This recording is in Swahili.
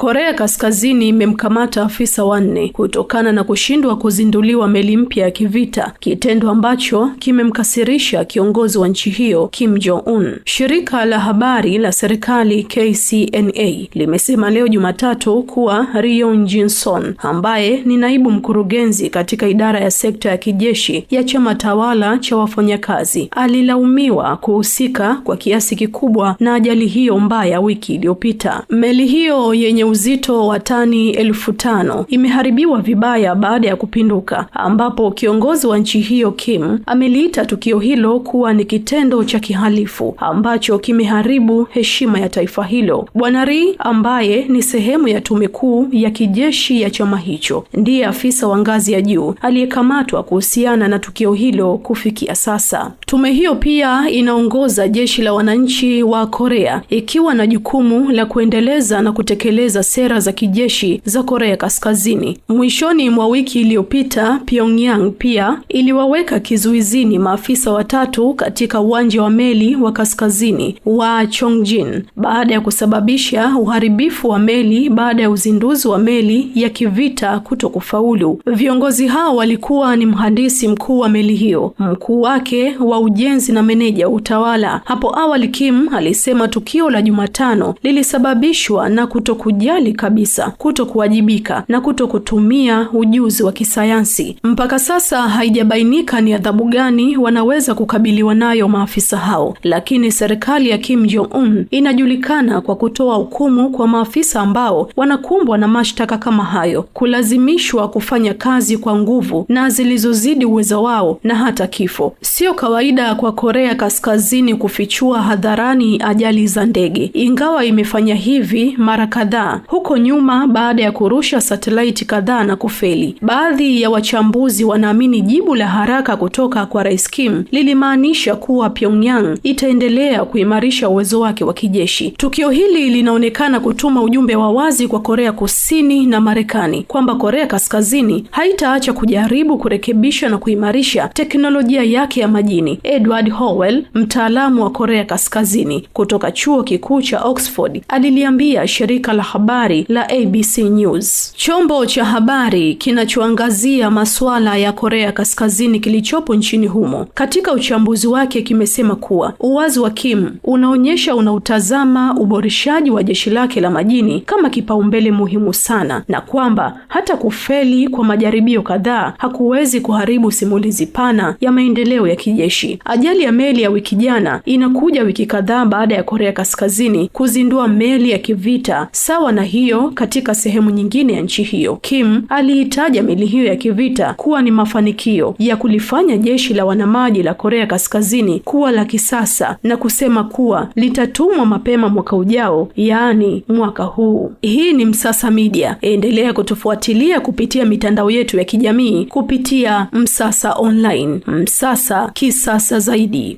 Korea Kaskazini imemkamata afisa wanne kutokana na kushindwa kuzinduliwa meli mpya ya kivita, kitendo ambacho kimemkasirisha kiongozi wa nchi hiyo Kim Jong Un. Shirika la habari la serikali KCNA limesema leo Jumatatu kuwa Rion Jinson ambaye ni naibu mkurugenzi katika idara ya sekta ya kijeshi ya chama tawala cha wafanyakazi alilaumiwa kuhusika kwa kiasi kikubwa na ajali hiyo mbaya wiki iliyopita. Meli hiyo yenye uzito wa tani elfu tano imeharibiwa vibaya baada ya kupinduka, ambapo kiongozi wa nchi hiyo Kim ameliita tukio hilo kuwa ni kitendo cha kihalifu ambacho kimeharibu heshima ya taifa hilo. Bwana Ri ambaye ni sehemu ya tume kuu ya kijeshi ya chama hicho ndiye afisa wa ngazi ya juu aliyekamatwa kuhusiana na tukio hilo kufikia sasa. Tume hiyo pia inaongoza jeshi la wananchi wa Korea ikiwa na jukumu la kuendeleza na kutekeleza za sera za kijeshi za Korea Kaskazini. Mwishoni mwa wiki iliyopita, Pyongyang pia iliwaweka kizuizini maafisa watatu katika uwanja wa meli wa kaskazini wa Chongjin baada ya kusababisha uharibifu wa meli baada ya uzinduzi wa meli ya kivita kutokufaulu. Viongozi hao walikuwa ni mhandisi mkuu wa meli hiyo, mkuu wake wa ujenzi na meneja wa utawala. Hapo awali, Kim alisema tukio la Jumatano lilisababishwa na kutoku kujali kabisa, kuto kuwajibika na kuto kutumia ujuzi wa kisayansi. Mpaka sasa haijabainika ni adhabu gani wanaweza kukabiliwa nayo maafisa hao, lakini serikali ya Kim Jong Un inajulikana kwa kutoa hukumu kwa maafisa ambao wanakumbwa na mashtaka kama hayo, kulazimishwa kufanya kazi kwa nguvu na zilizozidi uwezo wao na hata kifo. Sio kawaida kwa Korea Kaskazini kufichua hadharani ajali za ndege, ingawa imefanya hivi mara kadhaa kadhaa huko nyuma baada ya kurusha satelaiti kadhaa na kufeli. Baadhi ya wachambuzi wanaamini jibu la haraka kutoka kwa Rais Kim lilimaanisha kuwa Pyongyang itaendelea kuimarisha uwezo wake wa kijeshi. Tukio hili linaonekana kutuma ujumbe wa wazi kwa Korea Kusini na Marekani kwamba Korea Kaskazini haitaacha kujaribu kurekebisha na kuimarisha teknolojia yake ya majini. Edward Howell, mtaalamu wa Korea Kaskazini kutoka Chuo Kikuu cha Oxford, aliliambia shirika la habari la ABC News, chombo cha habari kinachoangazia masuala ya Korea Kaskazini kilichopo nchini humo. Katika uchambuzi wake kimesema kuwa uwazi wa Kim unaonyesha unautazama uboreshaji wa jeshi lake la majini kama kipaumbele muhimu sana, na kwamba hata kufeli kwa majaribio kadhaa hakuwezi kuharibu simulizi pana ya maendeleo ya kijeshi. Ajali ya meli ya wiki jana inakuja wiki kadhaa baada ya Korea Kaskazini kuzindua meli ya kivita sawa sawa na hiyo katika sehemu nyingine ya nchi hiyo. Kim aliitaja meli hiyo ya kivita kuwa ni mafanikio ya kulifanya jeshi la wanamaji la Korea Kaskazini kuwa la kisasa na kusema kuwa litatumwa mapema mwaka ujao, yaani mwaka huu. Hii ni Msasa Media. Endelea kutufuatilia kupitia mitandao yetu ya kijamii kupitia Msasa Online. Msasa kisasa zaidi.